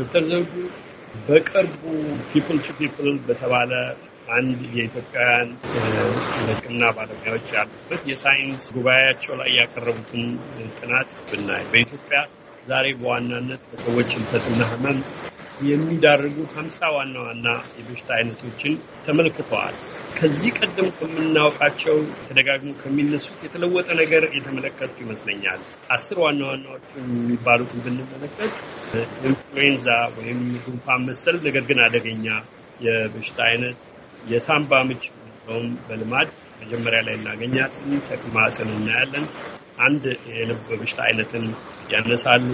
ዶክተር ዘውዱ በቅርቡ ፒፕል ቱ ፒፕል በተባለ አንድ የኢትዮጵያውያን ሕክምና ባለሙያዎች ያሉበት የሳይንስ ጉባኤያቸው ላይ ያቀረቡትን ጥናት ብናይ በኢትዮጵያ ዛሬ በዋናነት በሰዎች ህልፈትና ህመም ። የሚዳርጉ ሀምሳ ዋና ዋና የበሽታ አይነቶችን ተመልክተዋል። ከዚህ ቀደም ከምናውቃቸው ተደጋግሞ ከሚነሱት የተለወጠ ነገር የተመለከቱ ይመስለኛል። አስር ዋና ዋናዎቹ የሚባሉትን ብንመለከት ኢንፍሉዌንዛ ወይም ጉንፋን መሰል ነገር ግን አደገኛ የበሽታ አይነት፣ የሳምባ ምች የሚለውም በልማድ መጀመሪያ ላይ እናገኛለን። ተቅማጥን እናያለን። አንድ የልብ በሽታ አይነትን ያነሳሉ።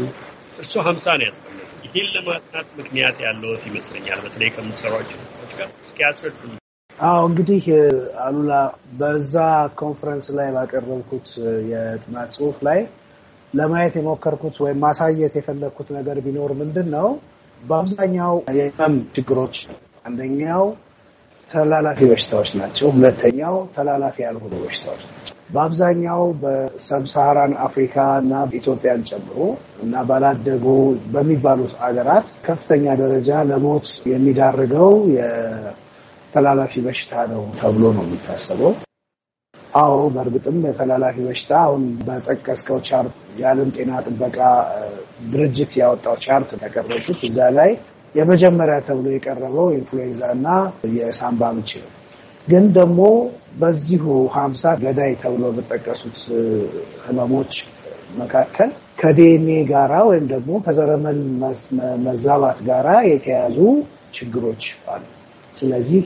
እርሱ ሀምሳ ነው ያስቀመጡ። ይህን ለማጥናት ምክንያት ያለዎት ይመስለኛል። በተለይ ከምትሰሯቸው ሰዎች ጋር እስኪያስረዱ። አዎ እንግዲህ አሉላ በዛ ኮንፈረንስ ላይ ባቀረብኩት የጥናት ጽሁፍ ላይ ለማየት የሞከርኩት ወይም ማሳየት የፈለግኩት ነገር ቢኖር ምንድን ነው በአብዛኛው የህመም ችግሮች አንደኛው ተላላፊ በሽታዎች ናቸው። ሁለተኛው ተላላፊ ያልሆኑ በሽታዎች ናቸው። በአብዛኛው በሰብሳራን አፍሪካ እና ኢትዮጵያን ጨምሮ እና ባላደጉ በሚባሉት አገራት ከፍተኛ ደረጃ ለሞት የሚዳርገው የተላላፊ በሽታ ነው ተብሎ ነው የሚታሰበው። አዎ በእርግጥም የተላላፊ በሽታ አሁን በጠቀስከው ቻርት የዓለም ጤና ጥበቃ ድርጅት ያወጣው ቻርት ያቀረቡት እዛ ላይ የመጀመሪያ ተብሎ የቀረበው ኢንፍሉዌንዛ እና የሳምባ ምች ነው። ግን ደግሞ በዚሁ ሀምሳ ገዳይ ተብሎ በጠቀሱት ህመሞች መካከል ከዴኔ ጋራ ወይም ደግሞ ከዘረመል መዛባት ጋራ የተያዙ ችግሮች አሉ። ስለዚህ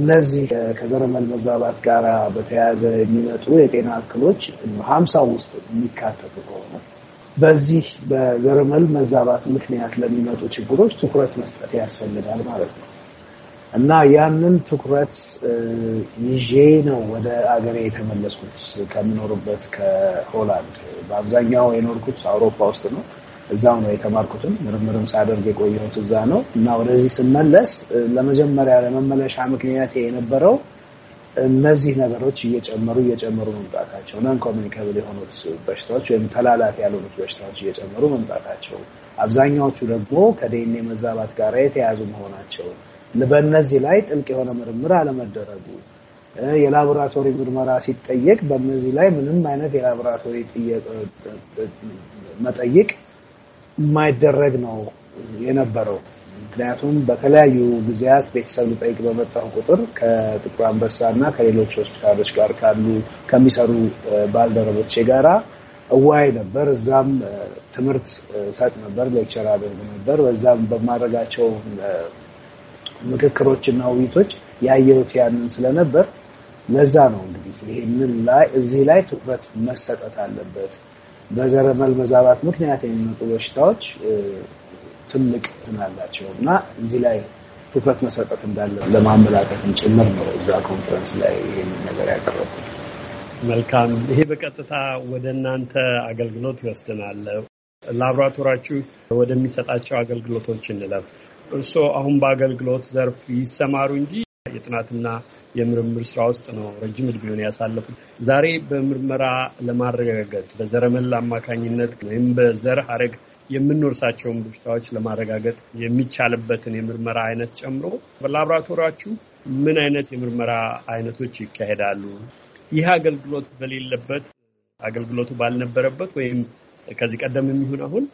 እነዚህ ከዘረመል መዛባት ጋር በተያያዘ የሚመጡ የጤና እክሎች ሀምሳ ውስጥ የሚካተቱ ከሆነ በዚህ በዘረመል መዛባት ምክንያት ለሚመጡ ችግሮች ትኩረት መስጠት ያስፈልጋል ማለት ነው። እና ያንን ትኩረት ይዤ ነው ወደ አገሬ የተመለስኩት ከምኖርበት ከሆላንድ። በአብዛኛው የኖርኩት አውሮፓ ውስጥ ነው። እዛው ነው የተማርኩትም ምርምርም ሳደርግ የቆየሁት እዛ ነው እና ወደዚህ ስመለስ ለመጀመሪያ ለመመለሻ ምክንያት የነበረው እነዚህ ነገሮች እየጨመሩ እየጨመሩ መምጣታቸው ነን ኮሚኒካብል የሆኑት በሽታዎች ወይም ተላላፊ ያልሆኑት በሽታዎች እየጨመሩ መምጣታቸው፣ አብዛኛዎቹ ደግሞ ከዲኤንኤ መዛባት ጋር የተያያዙ መሆናቸው በእነዚህ ላይ ጥልቅ የሆነ ምርምር አለመደረጉ፣ የላቦራቶሪ ምርመራ ሲጠየቅ በእነዚህ ላይ ምንም አይነት የላቦራቶሪ መጠይቅ የማይደረግ ነው የነበረው። ምክንያቱም በተለያዩ ጊዜያት ቤተሰብ ልጠይቅ በመጣሁ ቁጥር ከጥቁር አንበሳ እና ከሌሎች ሆስፒታሎች ጋር ካሉ ከሚሰሩ ባልደረቦቼ ጋራ እዋይ ነበር። እዛም ትምህርት ሰጥ ነበር፣ ሌክቸር ነበር። በዛም በማድረጋቸው ምክክሮችና ውይይቶች ያየሁት ያንን ስለነበር ለዛ ነው እንግዲህ ይህንን ላይ እዚህ ላይ ትኩረት መሰጠት አለበት። በዘረመል መዛባት ምክንያት የሚመጡ በሽታዎች ትልቅ ትናላቸው እና እዚህ ላይ ትኩረት መሰጠት እንዳለ ለማመላከት ጭምር ነው እዛ ኮንፈረንስ ላይ ይህን ነገር ያቀረብኩት። መልካም። ይሄ በቀጥታ ወደ እናንተ አገልግሎት ይወስድናል። ላብራቶራችሁ ወደሚሰጣቸው አገልግሎቶች እንለፍ። እርስዎ አሁን በአገልግሎት ዘርፍ ይሰማሩ እንጂ የጥናትና የምርምር ስራ ውስጥ ነው ረጅም እድሜውን ያሳለፉት። ዛሬ በምርመራ ለማረጋገጥ በዘረመል አማካኝነት ወይም በዘር ሀረግ የምንወርሳቸውን በሽታዎች ለማረጋገጥ የሚቻልበትን የምርመራ አይነት ጨምሮ በላብራቶሪያችሁ ምን አይነት የምርመራ አይነቶች ይካሄዳሉ? ይህ አገልግሎት በሌለበት አገልግሎቱ ባልነበረበት ወይም ከዚህ ቀደም የሚሆን አሁን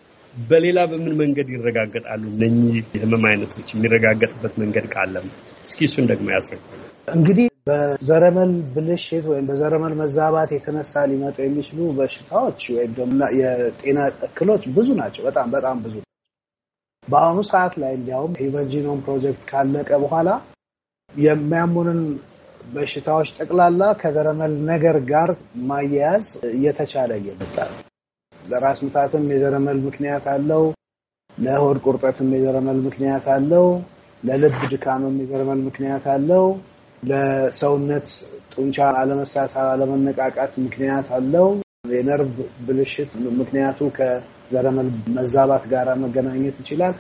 በሌላ በምን መንገድ ይረጋገጣሉ? እነኚህ የህመም አይነቶች የሚረጋገጥበት መንገድ ካለም እስኪ እሱን ደግሞ ያስረግ። እንግዲህ በዘረመል ብልሽት ወይም በዘረመል መዛባት የተነሳ ሊመጡ የሚችሉ በሽታዎች ወይም የጤና እክሎች ብዙ ናቸው። በጣም በጣም ብዙ። በአሁኑ ሰዓት ላይ እንዲያውም ሂውመን ጂኖም ፕሮጀክት ካለቀ በኋላ የሚያሙንን በሽታዎች ጠቅላላ ከዘረመል ነገር ጋር ማያያዝ እየተቻለ እየመጣ ነው። ለራስ ምታትም የዘረመል ምክንያት አለው። ለሆድ ቁርጠትም የዘረመል ምክንያት አለው። ለልብ ድካምም የዘረመል ምክንያት አለው። ለሰውነት ጡንቻ አለመሳሳብ፣ አለመነቃቃት ምክንያት አለው። የነርቭ ብልሽት ምክንያቱ ከዘረመል መዛባት ጋር መገናኘት ይችላል።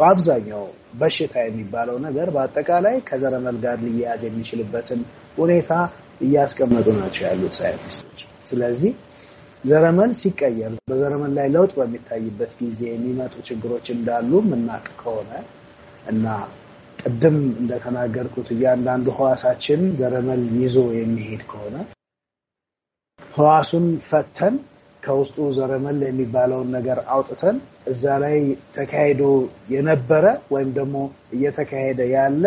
በአብዛኛው በሽታ የሚባለው ነገር በአጠቃላይ ከዘረመል ጋር ሊያያዝ የሚችልበትን ሁኔታ እያስቀመጡ ናቸው ያሉት ሳይንቲስቶች። ስለዚህ ዘረመል ሲቀየር በዘረመል ላይ ለውጥ በሚታይበት ጊዜ የሚመጡ ችግሮች እንዳሉ የምናውቅ ከሆነ እና ቅድም እንደተናገርኩት እያንዳንዱ ህዋሳችን ዘረመል ይዞ የሚሄድ ከሆነ ህዋሱን ፈተን ከውስጡ ዘረመል የሚባለውን ነገር አውጥተን እዛ ላይ ተካሂዶ የነበረ ወይም ደግሞ እየተካሄደ ያለ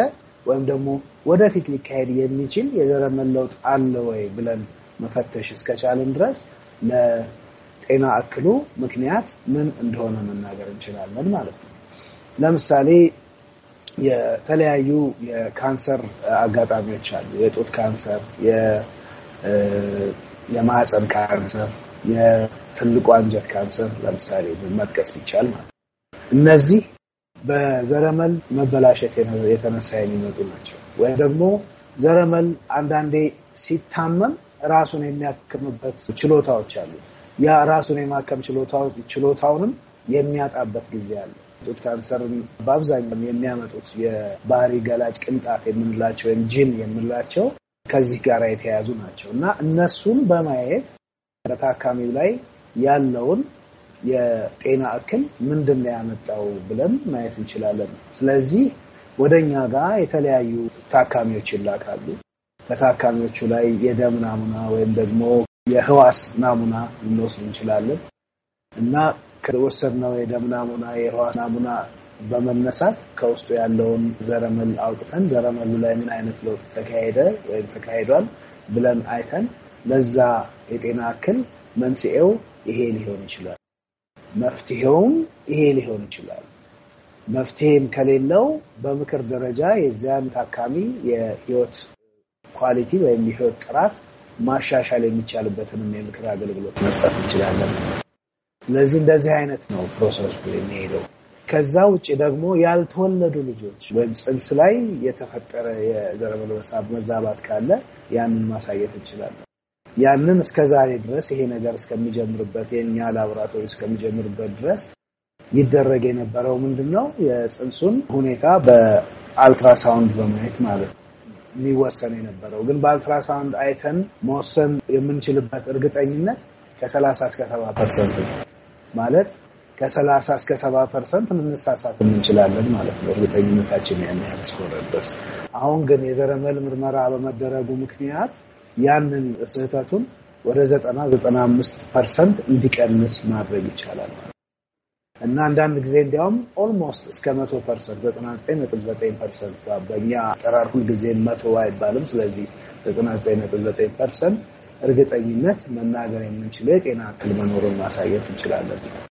ወይም ደግሞ ወደፊት ሊካሄድ የሚችል የዘረመል ለውጥ አለ ወይ ብለን መፈተሽ እስከቻልን ድረስ ለጤና እክሉ ምክንያት ምን እንደሆነ መናገር እንችላለን ማለት ነው። ለምሳሌ የተለያዩ የካንሰር አጋጣሚዎች አሉ። የጡት ካንሰር፣ የማህፀን ካንሰር፣ የትልቁ አንጀት ካንሰር ለምሳሌ መጥቀስ ቢቻል ማለት ነው። እነዚህ በዘረመል መበላሸት የተነሳ የሚመጡ ናቸው። ወይም ደግሞ ዘረመል አንዳንዴ ሲታመም ራሱን የሚያክምበት ችሎታዎች አሉ። ያ ራሱን የማከም ችሎታውንም የሚያጣበት ጊዜ አለ። ጡት ካንሰርን በአብዛኛው የሚያመጡት የባህሪ ገላጭ ቅንጣት የምንላቸው ወይም ጂን የምንላቸው ከዚህ ጋር የተያያዙ ናቸው እና እነሱን በማየት በታካሚው ላይ ያለውን የጤና እክል ምንድን ነው ያመጣው ብለን ማየት እንችላለን። ስለዚህ ወደኛ ጋር የተለያዩ ታካሚዎች ይላካሉ። በታካሚዎቹ ላይ የደም ናሙና ወይም ደግሞ የህዋስ ናሙና ልንወስድ እንችላለን እና ከወሰድነው የደም ናሙና የህዋስ ናሙና በመነሳት ከውስጡ ያለውን ዘረመል አውጥተን ዘረመሉ ላይ ምን አይነት ለውጥ ተካሄደ ወይም ተካሂዷል ብለን አይተን ለዛ የጤና እክል መንስኤው ይሄ ሊሆን ይችላል፣ መፍትሄውም ይሄ ሊሆን ይችላል። መፍትሄም ከሌለው በምክር ደረጃ የዚያን ታካሚ የህይወት ኳሊቲ ወይም የህይወት ጥራት ማሻሻል የሚቻልበትንም የምክር አገልግሎት መስጠት እንችላለን። ስለዚህ እንደዚህ አይነት ነው ፕሮሰሱ የሚሄደው። ከዛ ውጭ ደግሞ ያልተወለዱ ልጆች ወይም ጽንስ ላይ የተፈጠረ የዘር መሳብ መዛባት ካለ ያንን ማሳየት እንችላለን። ያንን እስከ ዛሬ ድረስ ይሄ ነገር እስከሚጀምርበት የኛ ላቦራቶሪ እስከሚጀምርበት ድረስ ይደረግ የነበረው ምንድን ነው? የጽንሱን ሁኔታ በአልትራሳውንድ በማየት ማለት ነው። የሚወሰን የነበረው ግን በአልትራሳውንድ አይተን መወሰን የምንችልበት እርግጠኝነት ከ እስከ ሰባ ፐርሰንት ነው ማለት ከሰላሳ እስከ ሰባ ፐርሰንት ልንሳሳት እንችላለን ማለት ነው። እርግጠኝነታችን ያን ያህል አሁን ግን የዘረመል ምርመራ በመደረጉ ምክንያት ያንን ስህተቱን ወደ ዘጠና ዘጠና አምስት ፐርሰንት እንዲቀንስ ማድረግ ይቻላል ማለት ነው። እና አንዳንድ ጊዜ እንዲያውም ኦልሞስት እስከ መቶ ፐርሰንት ዘጠና ዘጠኝ ነጥብ ዘጠኝ ፐርሰንት በእኛ አጠራር ሁልጊዜ መቶ አይባልም። ስለዚህ ዘጠና ዘጠኝ ነጥብ ዘጠኝ ፐርሰንት እርግጠኝነት መናገር የምንችለው የጤና እክል መኖሩን ማሳየት እንችላለን።